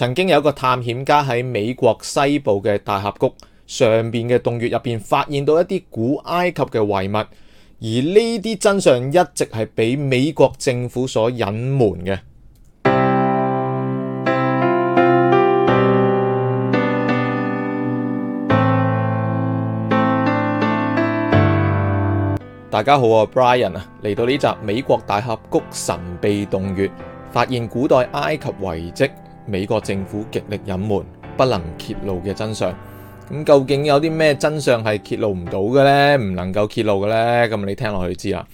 曾經有一個探險家喺美國西部嘅大峽谷上邊嘅洞穴入邊發現到一啲古埃及嘅遺物，而呢啲真相一直係俾美國政府所隱瞞嘅。大家好啊，我係 Brian 啊，嚟到呢集《美國大峽谷神秘洞穴發現古代埃及遺跡》。美國政府極力隱瞞不能揭露嘅真相，咁究竟有啲咩真相係揭露唔到嘅呢？唔能夠揭露嘅呢？咁你聽落去就知啦。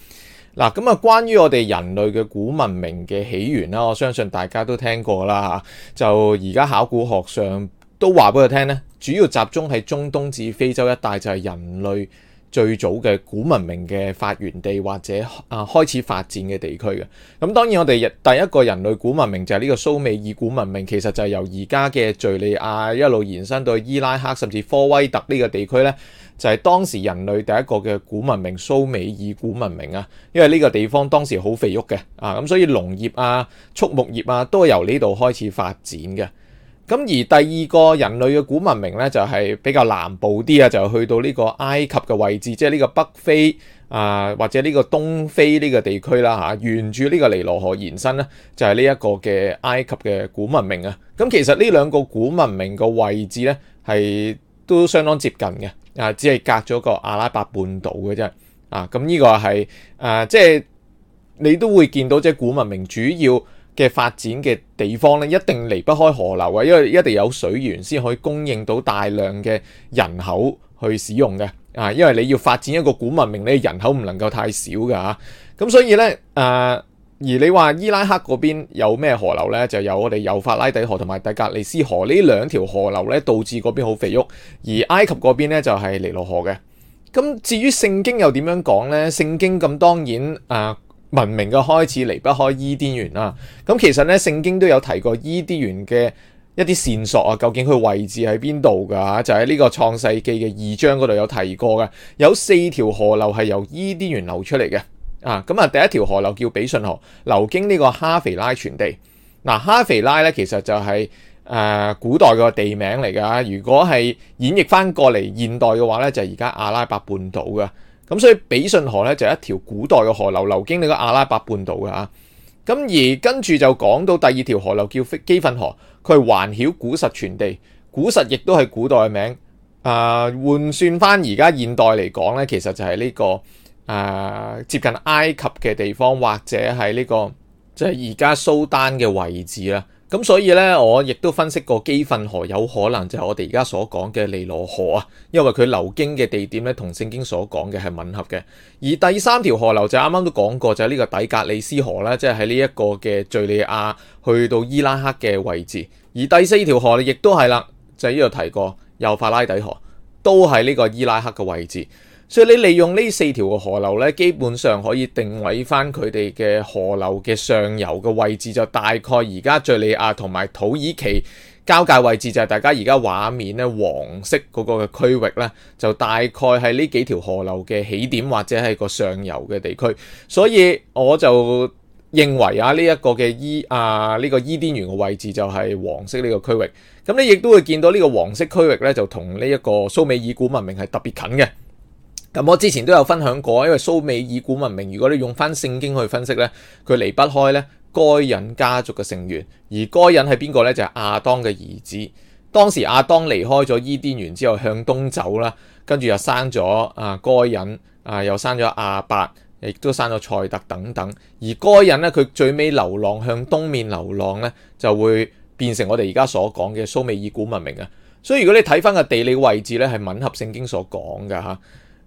嗱，咁啊，關於我哋人類嘅古文明嘅起源啦，我相信大家都聽過啦。就而家考古學上都話俾佢聽呢，主要集中喺中東至非洲一帶，就係人類，最早嘅古文明嘅發源地或者啊開始發展嘅地區嘅，咁當然我哋第一個人類古文明就係呢個蘇美爾古文明。其實就係由而家嘅敍利亞一路延伸到伊拉克甚至科威特呢個地區咧，就係當時人類第一個嘅古文明蘇美爾古文明啊，因為呢個地方當時好肥沃嘅啊，咁所以農業啊、畜牧業啊都係由呢度開始發展嘅。咁而第二個人類嘅古文明咧，就係比較南部啲啊，就去到呢個埃及嘅位置，即係呢個北非啊、呃，或者呢個東非呢個地區啦嚇，沿住呢個尼羅河延伸咧，就係呢一個嘅埃及嘅古文明啊。咁其實呢兩個古文明嘅位置咧，係都相當接近嘅啊，只係隔咗個阿拉伯半島嘅啫啊。咁、這、呢個係啊，即係你都會見到，即係古文明主要。嘅發展嘅地方咧，一定離不開河流啊，因為一定有水源先可以供應到大量嘅人口去使用嘅啊，因為你要發展一個古文明，你人口唔能夠太少噶，咁、啊、所以咧，誒、啊、而你話伊拉克嗰邊有咩河流咧，就有我哋幼發拉底河同埋底格里斯河呢兩條河流咧，導致嗰邊好肥沃。而埃及嗰邊咧就係、是、尼羅河嘅。咁至於聖經又點樣講咧？聖經咁當然誒。啊文明嘅開始離不開伊甸園啦，咁其實咧聖經都有提過伊甸園嘅一啲線索啊，究竟佢位置喺邊度㗎？就喺呢個創世記嘅二章嗰度有提過嘅，有四條河流係由伊甸園流出嚟嘅，啊，咁啊第一條河流叫比遜河，流經呢個哈腓拉全地，嗱、啊、哈腓拉咧其實就係誒古代嘅地名嚟㗎，如果係演繹翻過嚟現代嘅話咧，就係而家阿拉伯半島㗎。咁所以比遜河咧就係一條古代嘅河流流經呢個阿拉伯半島㗎。吓，咁而跟住就講到第二條河流叫基訓河，佢係環繞古實全地，古實亦都係古代嘅名，啊、呃、換算翻而家現代嚟講咧，其實就係呢、這個啊、呃、接近埃及嘅地方或者係呢、這個就係而家蘇丹嘅位置啦。咁所以呢，我亦都分析過基訓河有可能就係我哋而家所講嘅尼羅河啊，因為佢流經嘅地點呢，同聖經所講嘅係吻合嘅。而第三條河流就啱啱都講過，就係、是、呢個底格里斯河啦，即係喺呢一個嘅敍利亞去到伊拉克嘅位置。而第四條河亦都係啦，就喺呢度提過，幼發拉底河，都係呢個伊拉克嘅位置。所以你利用呢四條嘅河流咧，基本上可以定位翻佢哋嘅河流嘅上游嘅位置。就大概而家敘利亞同埋土耳其交界位置就係大家而家畫面咧黃色嗰個區域咧，就大概係呢幾條河流嘅起點或者係個上游嘅地區。所以我就認為啊，呢一個嘅伊啊呢個伊甸園嘅位置就係黃色呢個區域。咁你亦都會見到呢個黃色區域咧，就同呢一個蘇美爾古文明係特別近嘅。咁我之前都有分享過，因為蘇美爾古文明，如果你用翻聖經去分析呢，佢離不開呢，該隱家族嘅成員，而該隱係邊個呢？就係亞當嘅兒子。當時亞當離開咗伊甸園之後向東走啦，跟住又生咗啊該隱，啊又生咗亞伯，亦都生咗塞特等等。而該隱呢，佢最尾流浪向東面流浪呢，就會變成我哋而家所講嘅蘇美爾古文明啊。所以如果你睇翻個地理位置呢，係吻合聖經所講㗎。吓。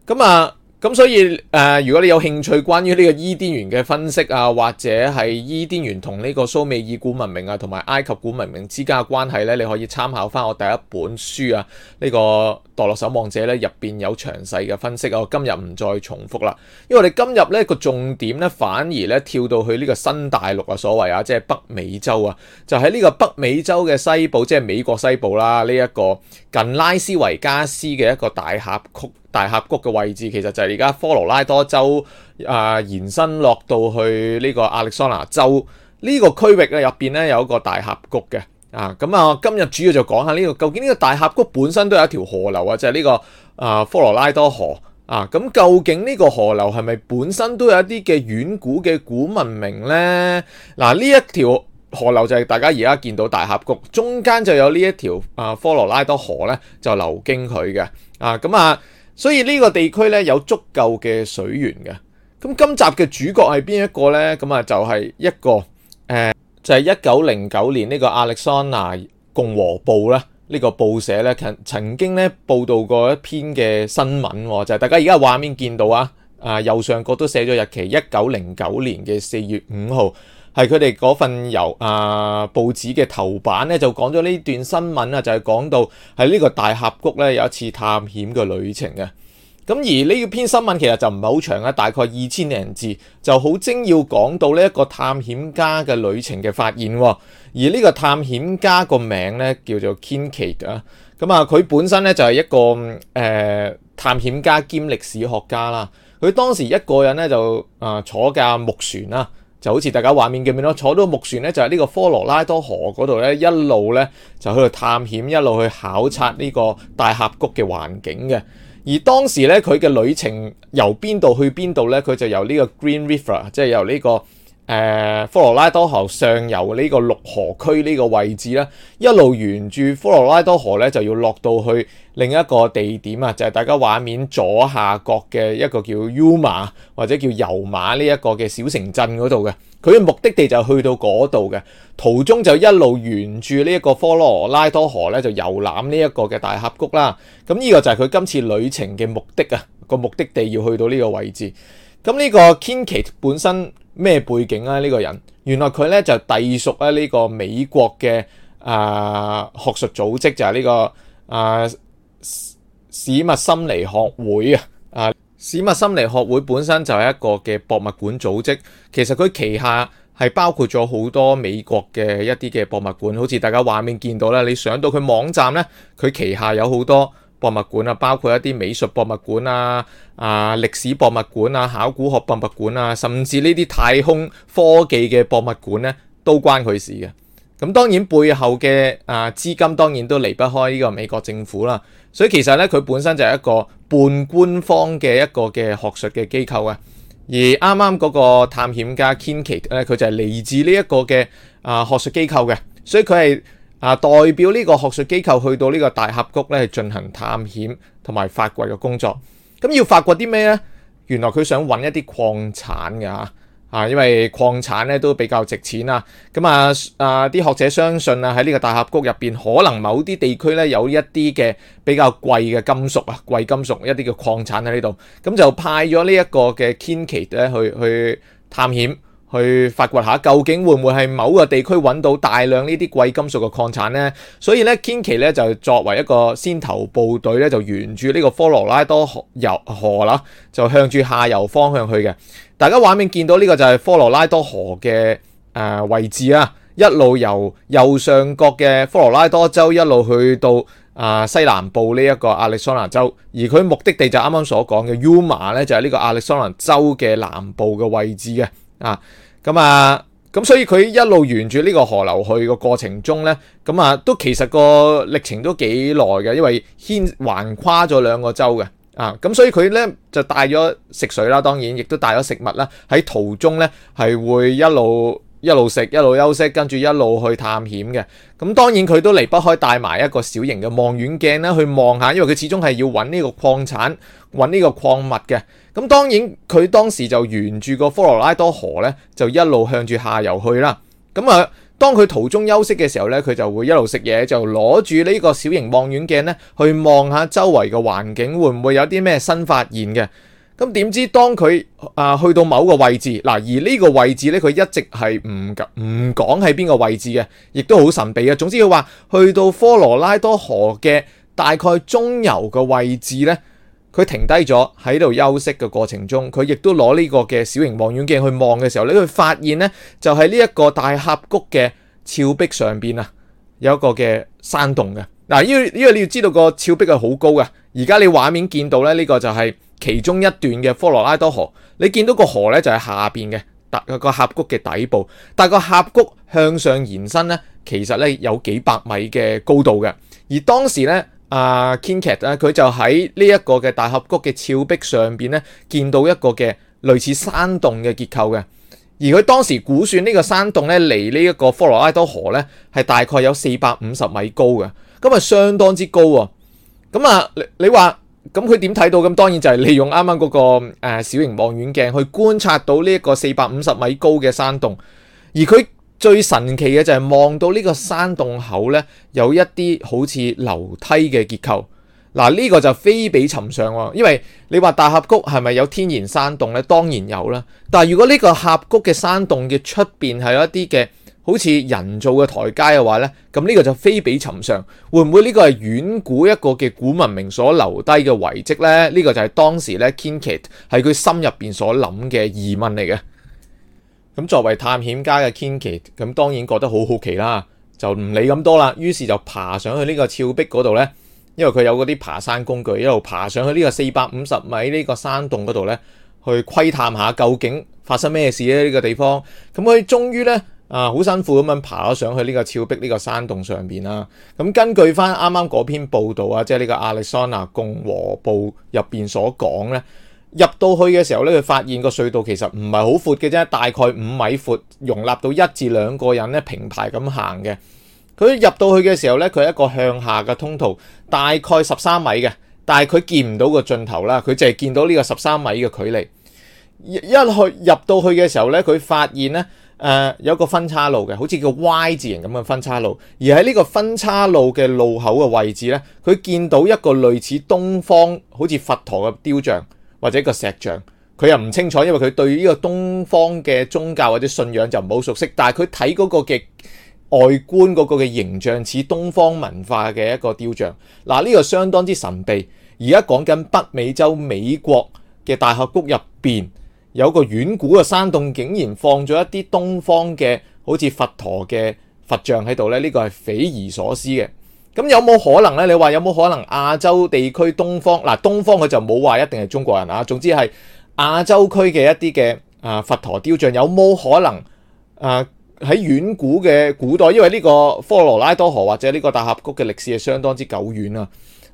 咁啊，咁所以誒、呃，如果你有興趣關於呢個伊甸園嘅分析啊，或者係伊甸園同呢個蘇美爾古文明啊，同埋埃及古文明之間嘅關係呢，你可以參考返我第一本書啊，呢、這個。墮落守望者咧入面有詳細嘅分析，我今日唔再重複啦，因為我哋今日咧個重點咧反而咧跳到去呢個新大陸啊，所謂啊，即係北美洲啊，就喺呢個北美洲嘅西部，即係美國西部啦，呢一個近拉斯維加斯嘅一個大峽谷，大峽谷嘅位置其實就係而家科羅拉多州啊，延伸落到去呢個亞利桑拿州呢個區域咧入面咧有一個大峽谷嘅。啊，咁啊，今日主要就講下呢，這個，究竟呢個大峽谷本身都有一條河流，就是這個，啊，就係呢個啊科羅拉多河啊。咁究竟呢個河流係咪本身都有一啲嘅遠古嘅古文明呢？嗱，啊，呢一條河流就係大家而家見到大峽谷中間就有呢一條啊科羅拉多河呢，就流經佢嘅。啊，咁啊，所以呢個地區呢，有足夠嘅水源嘅。咁今集嘅主角係邊一個呢？咁啊，就係一個。就係一九零九年呢個亞利桑拿共和報咧，呢、這個報社咧曾曾經咧報導過一篇嘅新聞、哦，就係、是、大家而家畫面見到啊，啊、呃、右上角都寫咗日期一九零九年嘅四月五號，係佢哋嗰份由啊、呃、報紙嘅頭版咧就講咗呢段新聞啊，就係、是、講到喺呢個大峽谷咧有一次探險嘅旅程啊。咁而呢篇新聞其實就唔係好長啊，大概二千零字，就好精要講到呢一個探險家嘅旅程嘅發現。而呢個探險家個名咧叫做 Kinkaid 啊。咁啊，佢本身咧就係、是、一個誒、呃、探險家兼歷史學家啦。佢當時一個人咧就啊、呃、坐架木船啦，就好似大家畫面見樣咯坐到木船咧就喺、是、呢個科羅拉多河嗰度咧，一路咧就去度探險，一路去考察呢個大峽谷嘅環境嘅。而當時咧，佢嘅旅程由邊度去邊度咧？佢就由呢個 Green River，即係由呢個。誒、嗯、科羅拉多河上游呢個綠河區呢個位置呢，一路沿住科羅拉多河咧，就要落到去另一個地點啊，就係、是、大家畫面左下角嘅一個叫 Yuma 或者叫油馬呢一個嘅小城鎮嗰度嘅。佢嘅目的地就去到嗰度嘅途中，就一路沿住呢一個科羅拉多河咧，就遊覽呢一個嘅大峽谷啦。咁呢個就係佢今次旅程嘅目的啊，個目的地要去到呢個位置。咁呢個 Kincaid 本身。咩背景啊？呢個人原來佢咧就隸屬咧呢個美國嘅啊學術組織，就係呢個啊史，史密森尼學會啊。啊，史密森尼學會本身就係一個嘅博物館組織，其實佢旗下係包括咗好多美國嘅一啲嘅博物館，好似大家畫面見到啦。你上到佢網站咧，佢旗下有好多。博物館啊，包括一啲美術博物館啊、啊歷史博物館啊、考古學博物館啊，甚至呢啲太空科技嘅博物館咧，都關佢事嘅。咁當然背後嘅啊資金當然都離不開呢個美國政府啦。所以其實咧，佢本身就係一個半官方嘅一個嘅學術嘅機構啊。而啱啱嗰個探險家 Kincaid 咧，佢就係嚟自呢一個嘅啊學術機構嘅，所以佢係。啊！代表呢個學術機構去到呢個大峽谷咧，進行探險同埋發掘嘅工作。咁要發掘啲咩呢？原來佢想揾一啲礦產㗎，啊！因為礦產咧都比較值錢啦。咁啊啊啲學者相信啊，喺呢個大峽谷入面，可能某啲地區咧有一啲嘅比較貴嘅金屬啊，貴金屬一啲嘅礦產喺呢度。咁就派咗呢一個嘅堅奇咧去去探險。去發掘下究竟會唔會係某個地區揾到大量呢啲貴金屬嘅礦產呢？所以呢，堅奇咧就作為一個先頭部隊咧，就沿住呢個科羅拉多河河啦，就向住下游方向去嘅。大家畫面見到呢個就係科羅拉多河嘅誒、呃、位置啊！一路由右上角嘅科羅拉多州一路去到啊、呃、西南部呢一個亞利桑那州，而佢目的地就啱啱所講嘅 Yuma 咧，就係、是、呢個亞利桑那州嘅南部嘅位置嘅啊。咁啊，咁所以佢一路沿住呢個河流去嘅過程中呢，咁啊都其實個歷程都幾耐嘅，因為牽橫跨咗兩個州嘅啊，咁所以佢呢，就帶咗食水啦，當然亦都帶咗食物啦。喺途中呢，係會一路一路食、一路休息，跟住一路去探險嘅。咁當然佢都離不開帶埋一個小型嘅望遠鏡呢去望下，因為佢始終係要揾呢個礦產。揾呢個礦物嘅，咁，當然佢當時就沿住個科羅拉多河呢，就一路向住下游去啦。咁啊，當佢途中休息嘅時候呢，佢就會一路食嘢，就攞住呢個小型望遠鏡呢，去望下周圍嘅環境，會唔會有啲咩新發現嘅？咁點知當佢啊去到某個位置嗱、啊，而呢個位置呢，佢一直係唔唔講喺邊個位置嘅，亦都好神秘呀。總之佢話去到科羅拉多河嘅大概中游嘅位置呢。佢停低咗喺度休息嘅過程中，佢亦都攞呢個嘅小型望遠鏡去望嘅時候，你會發現呢，就係呢一個大峽谷嘅峭壁上邊啊，有一個嘅山洞嘅。嗱，因為因為你要知道個峭壁係好高嘅。而家你畫面見到咧呢，呢個就係其中一段嘅科羅拉多河，你見到個河呢，就係、是、下邊嘅，但個峽谷嘅底部，但個峽谷向上延伸呢，其實呢有幾百米嘅高度嘅。而當時呢。啊 Kinket 啊，佢就喺呢一個嘅大峽谷嘅峭壁上邊咧，見到一個嘅類似山洞嘅結構嘅。而佢當時估算呢個山洞咧，離呢一個科羅拉多河咧，係大概有四百五十米高嘅。咁啊，相當之高啊、哦。咁啊，你你話咁佢點睇到？咁當然就係利用啱啱嗰個、呃、小型望遠鏡去觀察到呢一個四百五十米高嘅山洞。而佢。最神奇嘅就係望到呢個山洞口呢，有一啲好似樓梯嘅結構。嗱，呢個就非比尋常喎，因為你話大峽谷係咪有天然山洞呢？當然有啦。但如果呢個峽谷嘅山洞嘅出邊係有一啲嘅好似人造嘅台階嘅話呢，咁、這、呢個就非比尋常。會唔會呢個係遠古一個嘅古文明所留低嘅遺跡呢？呢、這個就係當時呢 Kinkaid 係佢心入面所諗嘅疑問嚟嘅。咁作為探險家嘅 Kinkaid 咁當然覺得好好奇啦，就唔理咁多啦。於是就爬上去呢個峭壁嗰度咧，因為佢有嗰啲爬山工具，一路爬上去呢個四百五十米呢個山洞嗰度咧，去窺探下究竟發生咩事咧、啊、呢、呢個地方。咁佢終於咧啊，好辛苦咁樣爬咗上去呢個峭壁呢個山洞上面啦。咁根據翻啱啱嗰篇報道啊，即係呢個亞利桑那共和報入面所講咧。入到去嘅時候咧，佢發現個隧道其實唔係好闊嘅啫，大概五米闊，容納到一至兩個人咧平排，咁行嘅。佢入到去嘅時候咧，佢一個向下嘅通道，大概十三米嘅，但係佢見唔到個盡頭啦，佢淨係見到呢個十三米嘅距離。一去入到去嘅時候咧，佢發現咧誒、呃、有個分岔路嘅，好似叫 Y 字形咁嘅分岔路。而喺呢個分岔路嘅路口嘅位置咧，佢見到一個類似東方好似佛陀嘅雕像。或者一個石像，佢又唔清楚，因為佢對呢個東方嘅宗教或者信仰就唔好熟悉。但係佢睇嗰個嘅外觀嗰個嘅形象似東方文化嘅一個雕像，嗱、這、呢個相當之神秘。而家講緊北美洲美國嘅大峽谷入邊有個遠古嘅山洞，竟然放咗一啲東方嘅好似佛陀嘅佛像喺度咧，呢、呢個係匪夷所思嘅。咁有冇可能呢？你話有冇可能亞洲地區東方？嗱，東方佢就冇話一定係中國人啊。總之係亞洲區嘅一啲嘅啊佛陀雕像有冇可能啊，喺遠古嘅古代，因為呢個科羅拉多河或者呢個大峽谷嘅歷史係相當之久遠啊。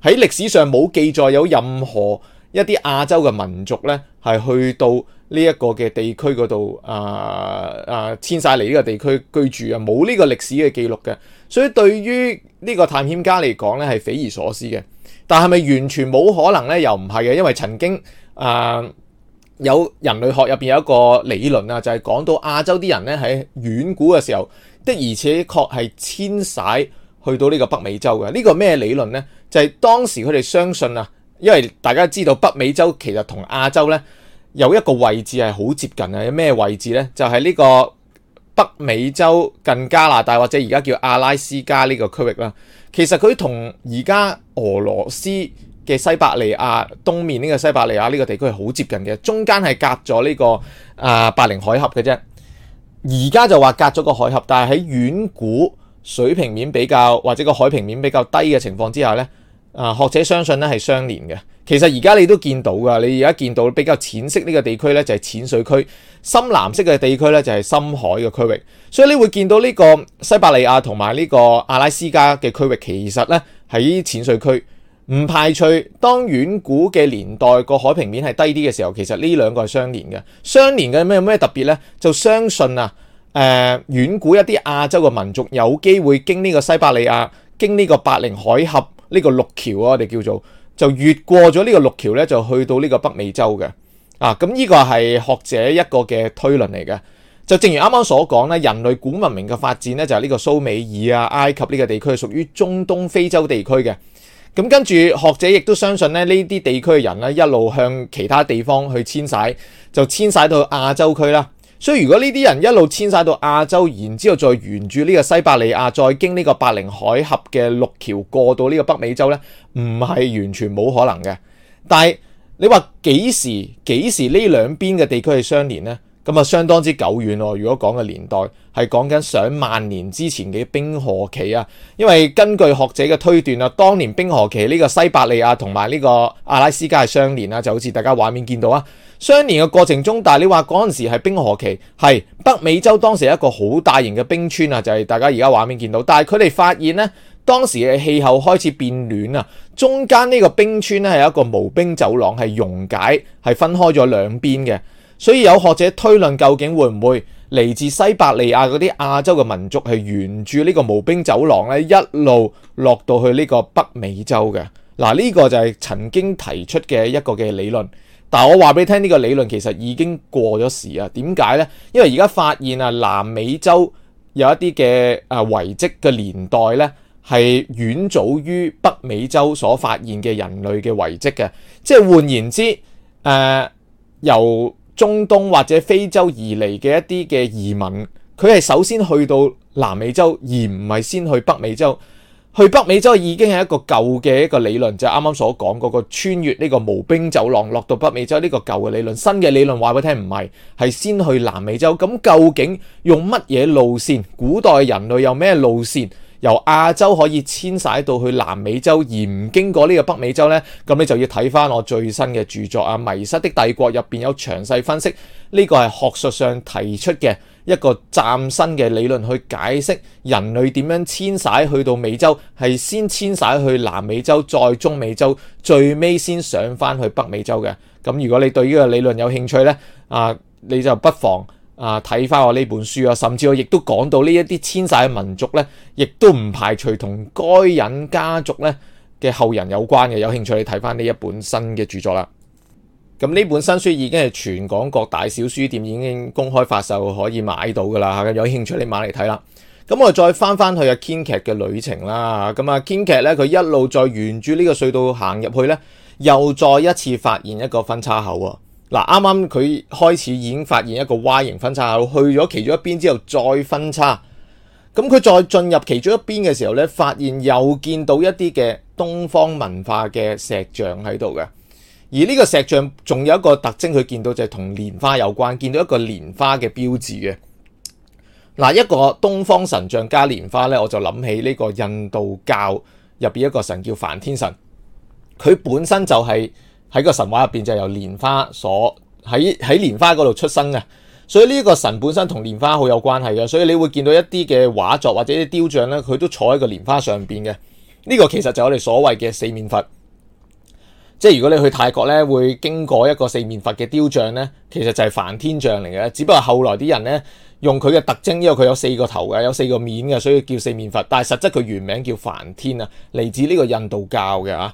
喺歷史上冇記載有任何一啲亞洲嘅民族咧，係去到呢一個嘅地區嗰度啊啊，遷徙嚟呢個地區居住啊，冇呢個歷史嘅記錄嘅。所以對於呢個探險家嚟講咧，係匪夷所思嘅。但係咪完全冇可能咧？又唔係嘅，因為曾經啊，有人類學入邊有一個理論啊，就係講到亞洲啲人咧喺遠古嘅時候的，而且確係遷徙去到呢個北美洲嘅。呢個咩理論咧？就係當時佢哋相信啊。因為大家知道北美洲其實同亞洲呢有一個位置係好接近嘅，咩位置呢？就係、是、呢個北美洲近加拿大或者而家叫阿拉斯加呢個區域啦。其實佢同而家俄羅斯嘅西伯利亞東面呢個西伯利亞呢個地區係好接近嘅，中間係隔咗呢、這個啊白令海峽嘅啫。而家就話隔咗個海峽，但係喺遠古水平面比較或者個海平面比較低嘅情況之下呢。啊！學者相信咧係相連嘅。其實而家你都見到㗎，你而家見到比較淺色呢個地區呢，就係淺水區；深藍色嘅地區呢，就係深海嘅區域。所以你會見到呢個西伯利亞同埋呢個阿拉斯加嘅區域，其實呢喺淺水區。唔排除當遠古嘅年代個海平面係低啲嘅時候，其實呢兩個係相連嘅。相連嘅咩有咩特別呢？就相信啊，誒、呃、遠古一啲亞洲嘅民族有機會經呢個西伯利亞，經呢個白令海峽。呢個陸橋啊，我哋叫做就越過咗呢個陸橋咧，就去到呢個北美洲嘅啊。咁呢個係學者一個嘅推論嚟嘅。就正如啱啱所講咧，人類古文明嘅發展咧就係呢個蘇美爾啊、埃及呢個地區係屬於中東非洲地區嘅。咁跟住學者亦都相信咧，呢啲地區嘅人咧一路向其他地方去遷徙，就遷徙到亞洲區啦。所以如果呢啲人一路遷徙到亞洲，然之後再沿住呢個西伯利亞，再經呢個白令海峽嘅陸橋過到呢個北美洲呢，唔係完全冇可能嘅。但係你話幾時幾時呢兩邊嘅地區係相連呢？咁啊，相當之久遠喎！如果講嘅年代係講緊上萬年之前嘅冰河期啊，因為根據學者嘅推斷啊，當年冰河期呢個西伯利亞同埋呢個阿拉斯加係相連啊，就好似大家畫面見到啊。相連嘅過程中，但係你話嗰陣時係冰河期，係北美洲當時一個好大型嘅冰川啊，就係大家而家畫面見到。但係佢哋發現呢，當時嘅氣候開始變暖啊，中間呢個冰川呢，係一個無冰走廊，係溶解，係分開咗兩邊嘅。所以有學者推論，究竟會唔會嚟自西伯利亞嗰啲亞洲嘅民族係沿住呢個無冰走廊咧，一路落到去呢個北美洲嘅？嗱，呢個就係曾經提出嘅一個嘅理論。但係我話俾你聽，呢個理論其實已經過咗時啊。點解呢？因為而家發現啊，南美洲有一啲嘅啊遺跡嘅年代呢，係遠早於北美洲所發現嘅人類嘅遺跡嘅，即係換言之，誒、呃、由中東或者非洲而嚟嘅一啲嘅移民，佢係首先去到南美洲，而唔係先去北美洲。去北美洲已經係一個舊嘅一個理論，就啱啱所講嗰個穿越呢個無冰走廊落到北美洲呢個舊嘅理論。新嘅理論話俾你聽唔係，係先去南美洲。咁究竟用乜嘢路線？古代人類有咩路線？由亞洲可以遷徙到去南美洲，而唔經過呢個北美洲呢，咁你就要睇翻我最新嘅著作啊《迷失的帝國》入面，有詳細分析。呢個係學術上提出嘅一個嶄新嘅理論，去解釋人類點樣遷徙去到美洲，係先遷徙去南美洲，再中美洲，最尾先上翻去北美洲嘅。咁如果你對呢個理論有興趣呢，啊，你就不妨。啊！睇翻我呢本書啊，甚至我亦都講到呢一啲遷徙嘅民族呢，亦都唔排除同該隱家族呢嘅後人有關嘅。有興趣你睇翻呢一本新嘅著作啦。咁呢本新書已經係全港各大小書店已經公開發售，可以買到噶啦。有興趣你買嚟睇啦。咁我再翻翻去阿堅劇嘅旅程啦。咁啊，堅劇呢，佢一路再沿住呢個隧道行入去呢，又再一次發現一個分叉口啊。嗱，啱啱佢開始已經發現一個 Y 形分叉，去咗其中一邊之後再分叉，咁佢再進入其中一邊嘅時候呢，發現又見到一啲嘅東方文化嘅石像喺度嘅，而呢個石像仲有一個特徵，佢見到就係同蓮花有關，見到一個蓮花嘅標誌嘅。嗱，一個東方神像加蓮花呢，我就諗起呢個印度教入面一個神叫梵天神，佢本身就係、是。喺個神話入邊，就係由蓮花所喺喺蓮花嗰度出生嘅，所以呢個神本身同蓮花好有關係嘅，所以你會見到一啲嘅畫作或者啲雕像咧，佢都坐喺個蓮花上邊嘅。呢個其實就係我哋所謂嘅四面佛，即係如果你去泰國咧，會經過一個四面佛嘅雕像咧，其實就係梵天像嚟嘅，只不過後來啲人咧用佢嘅特徵，因為佢有四個頭嘅，有四個面嘅，所以叫四面佛。但係實質佢原名叫梵天啊，嚟自呢個印度教嘅啊。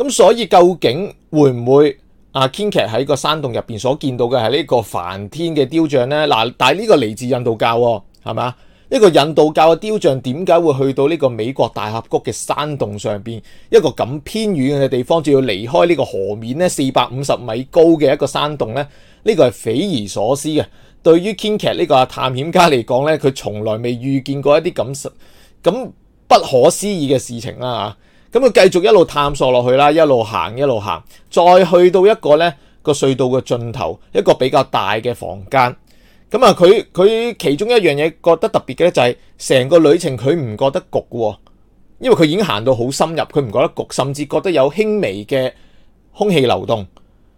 咁所以究竟會唔會阿 Kingcat 喺個山洞入面所見到嘅係呢個梵天嘅雕像呢？嗱，但係呢個嚟自印度教喎、哦，係咪？一、這個印度教嘅雕像點解會去到呢個美國大峽谷嘅山洞上面？一個咁偏遠嘅地方，仲要離開呢個河面呢四百五十米高嘅一個山洞呢？呢、這個係匪夷所思嘅。對於 Kingcat 呢個探險家嚟講呢，佢從來未遇見過一啲咁咁不可思議嘅事情啦咁佢繼續一路探索落去啦，一路行一路行，再去到一個呢個隧道嘅盡頭，一個比較大嘅房間。咁啊，佢佢其中一樣嘢覺得特別嘅呢、就是，就係成個旅程佢唔覺得焗喎，因為佢已經行到好深入，佢唔覺得焗，甚至覺得有輕微嘅空氣流動。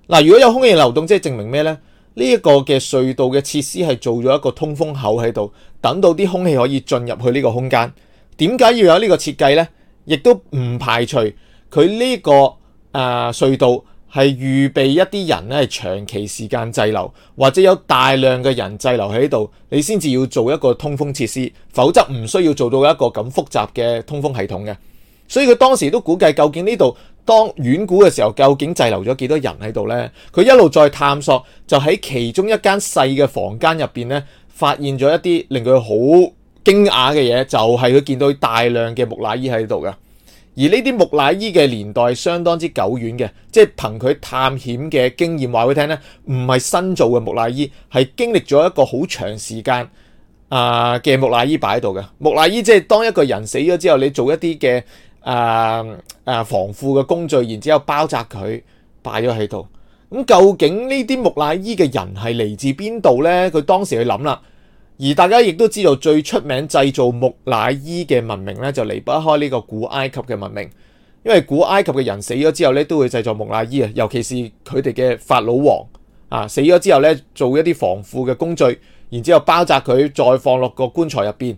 嗱，如果有空氣流動，即係證明咩呢？呢、這、一個嘅隧道嘅設施係做咗一個通風口喺度，等到啲空氣可以進入去呢個空間。點解要有呢個設計呢？亦都唔排除佢呢個誒隧道係預備一啲人咧，係長期時間滯留，或者有大量嘅人滯留喺度，你先至要做一個通風設施，否則唔需要做到一個咁複雜嘅通風系統嘅。所以佢當時都估計，究竟呢度當遠古嘅時候，究竟滯留咗幾多人喺度呢？佢一路再探索，就喺其中一間細嘅房間入邊呢，發現咗一啲令佢好驚訝嘅嘢就係、是、佢見到大量嘅木乃伊喺度㗎。而呢啲木乃伊嘅年代相當之久遠嘅，即係憑佢探險嘅經驗話俾佢聽咧，唔係新做嘅木乃伊，係經歷咗一個好長時間啊嘅木乃伊擺喺度嘅。木乃伊即係當一個人死咗之後，你做一啲嘅啊防腐嘅工序，然之後包紮佢擺咗喺度。咁究竟呢啲木乃伊嘅人係嚟自邊度咧？佢當時去諗啦。而大家亦都知道，最出名製造木乃伊嘅文明咧，就離不開呢個古埃及嘅文明，因為古埃及嘅人死咗之後咧，都會製造木乃伊啊，尤其是佢哋嘅法老王啊，死咗之後咧，做一啲防腐嘅工序，然之後包紮佢，再放落個棺材入邊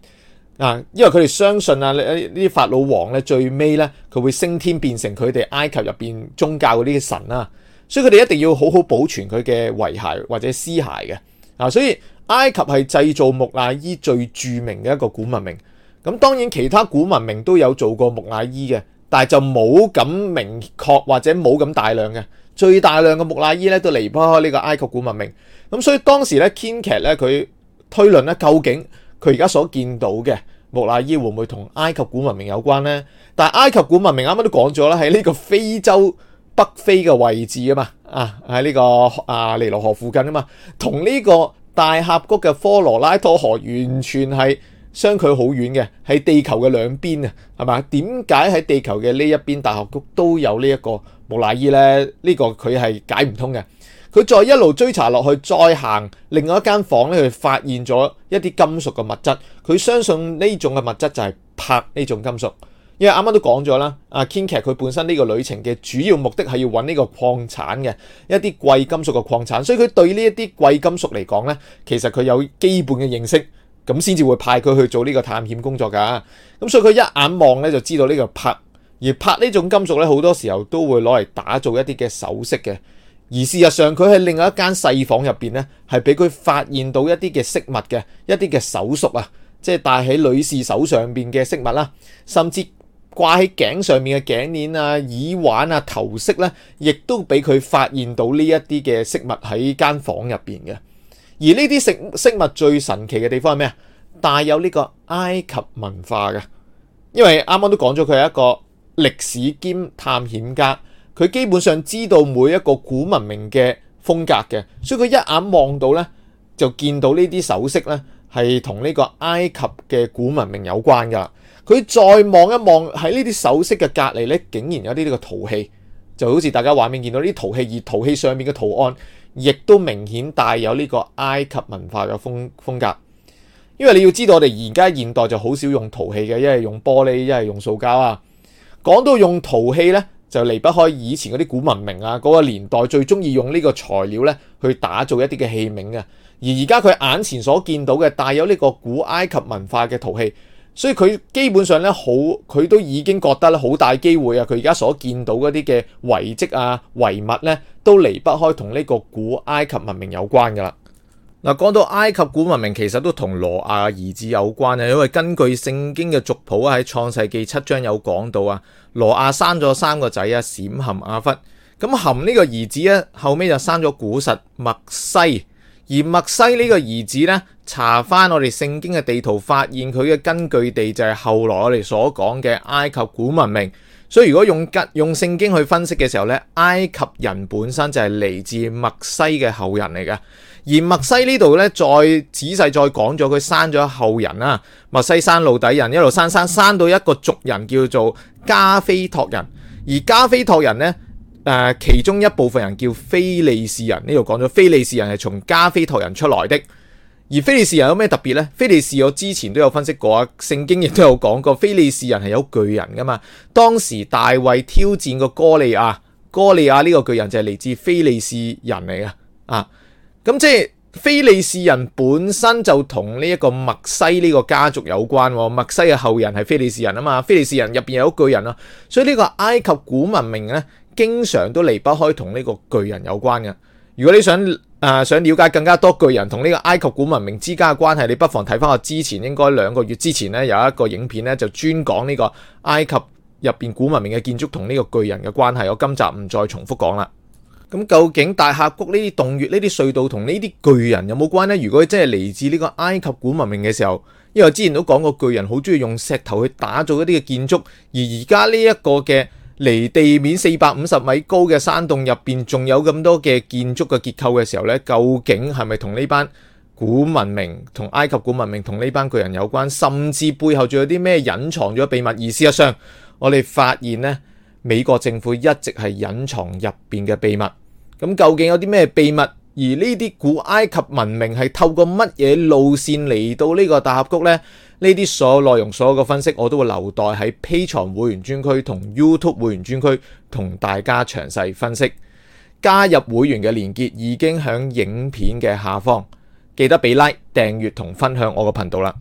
啊，因為佢哋相信啊，呢啲法老王咧，最尾咧，佢會升天變成佢哋埃及入面宗教嗰啲神啦，所以佢哋一定要好好保存佢嘅遺骸或者屍骸嘅啊，所以。埃及係製造木乃伊最著名嘅一個古文明，咁當然其他古文明都有做過木乃伊嘅，但係就冇咁明確或者冇咁大量嘅。最大量嘅木乃伊咧都離不開呢個埃及古文明，咁所以當時咧，堅劇咧佢推論咧，究竟佢而家所見到嘅木乃伊會唔會同埃及古文明有關呢？但係埃及古文明啱啱都講咗啦，喺呢個非洲北非嘅位置啊嘛，啊喺呢個啊尼羅河附近啊嘛，同呢個。大峽谷嘅科羅拉多河完全係相距好遠嘅，喺地球嘅兩邊啊，係嘛？點解喺地球嘅呢一邊大峽谷都有呢、這、一個木乃伊呢？呢、這個佢係解唔通嘅。佢再一路追查落去，再行另外一間房咧，佢發現咗一啲金屬嘅物質。佢相信呢種嘅物質就係鉑呢種金屬。因為啱啱都講咗啦，阿 Kincaid 佢本身呢個旅程嘅主要目的係要揾呢個礦產嘅一啲貴金屬嘅礦產，所以佢對呢一啲貴金屬嚟講呢，其實佢有基本嘅認識，咁先至會派佢去做呢個探險工作㗎。咁所以佢一眼望呢就知道呢個拍而拍呢種金屬呢好多時候都會攞嚟打造一啲嘅首飾嘅。而事實上，佢喺另外一間細房入邊呢，係俾佢發現到一啲嘅飾物嘅一啲嘅手飾啊，即係戴喺女士手上邊嘅飾物啦，甚至，掛喺頸上面嘅頸鏈啊、耳環啊、頭飾咧，亦都俾佢發現到呢一啲嘅飾物喺間房入邊嘅。而呢啲飾飾物最神奇嘅地方係咩啊？帶有呢個埃及文化嘅，因為啱啱都講咗佢係一個歷史兼探險家，佢基本上知道每一個古文明嘅風格嘅，所以佢一眼望到咧就見到呢啲首飾咧係同呢個埃及嘅古文明有關噶。佢再望一望喺呢啲首飾嘅隔離呢，竟然有啲呢個陶器，就好似大家畫面見到呢啲陶器，而陶器上面嘅圖案亦都明顯帶有呢個埃及文化嘅風風格。因為你要知道，我哋而家現代就好少用陶器嘅，一係用玻璃，一係用塑膠啊。講到用陶器呢，就離不開以前嗰啲古文明啊，嗰個年代最中意用呢個材料呢去打造一啲嘅器皿啊。而而家佢眼前所見到嘅帶有呢個古埃及文化嘅陶器。所以佢基本上咧好，佢都已經覺得咧好大機會啊！佢而家所見到嗰啲嘅遺跡啊、遺物咧，都離不開同呢個古埃及文明有關噶啦。嗱，講到埃及古文明，其實都同挪亞兒子有關啊，因為根據聖經嘅族譜啊喺創世記七章有講到啊，挪亞生咗三個仔啊，閃、含、雅弗。咁含呢個兒子咧，後尾就生咗古實、麥西。而麥西呢個兒子呢，查翻我哋聖經嘅地圖，發現佢嘅根據地就係後來我哋所講嘅埃及古文明。所以如果用吉用聖經去分析嘅時候呢，埃及人本身就係嚟自麥西嘅後人嚟嘅。而麥西呢度呢，再仔細再講咗，佢生咗後人啊，麥西生路底人，一路生生生到一個族人叫做加菲托人，而加菲托人呢。誒，其中一部分人叫非利士人，呢度講咗非利士人係從加菲陀人出嚟的。而非利士人有咩特別呢？非利士我之前都有分析過啊，聖經亦都有講過，非利士人係有巨人噶嘛。當時大衛挑戰個哥利亞，哥利亞呢個巨人就係嚟自非利士人嚟㗎。啊，咁即係非利士人本身就同呢一個麥西呢個家族有關喎。麥西嘅後人係非利士人啊嘛，非利士人入面有巨人咯，所以呢個埃及古文明呢經常都離不開同呢個巨人有關嘅。如果你想、呃、想了解更加多巨人同呢個埃及古文明之間嘅關係，你不妨睇翻我之前應該兩個月之前呢有一個影片呢，就專講呢個埃及入面古文明嘅建築同呢個巨人嘅關係。我今集唔再重複講啦。咁究竟大峽谷呢啲洞穴、呢啲隧道同呢啲巨人有冇關呢？如果真係嚟自呢個埃及古文明嘅時候，因為之前都講過巨人好中意用石頭去打造一啲嘅建築，而而家呢一個嘅。離地面四百五十米高嘅山洞入邊，仲有咁多嘅建築嘅結構嘅時候呢，究竟係咪同呢班古文明、同埃及古文明同呢班巨人有關？甚至背後仲有啲咩隱藏咗秘密？事實上，我哋發現呢，美國政府一直係隱藏入邊嘅秘密。咁究竟有啲咩秘密？而呢啲古埃及文明係透過乜嘢路線嚟到呢個大峽谷呢？呢啲所有內容、所有嘅分析，我都會留待喺 Patreon 會員專區同 YouTube 會員專區同大家詳細分析。加入會員嘅連結已經喺影片嘅下方，記得俾 like 訂閱同分享我個頻道啦。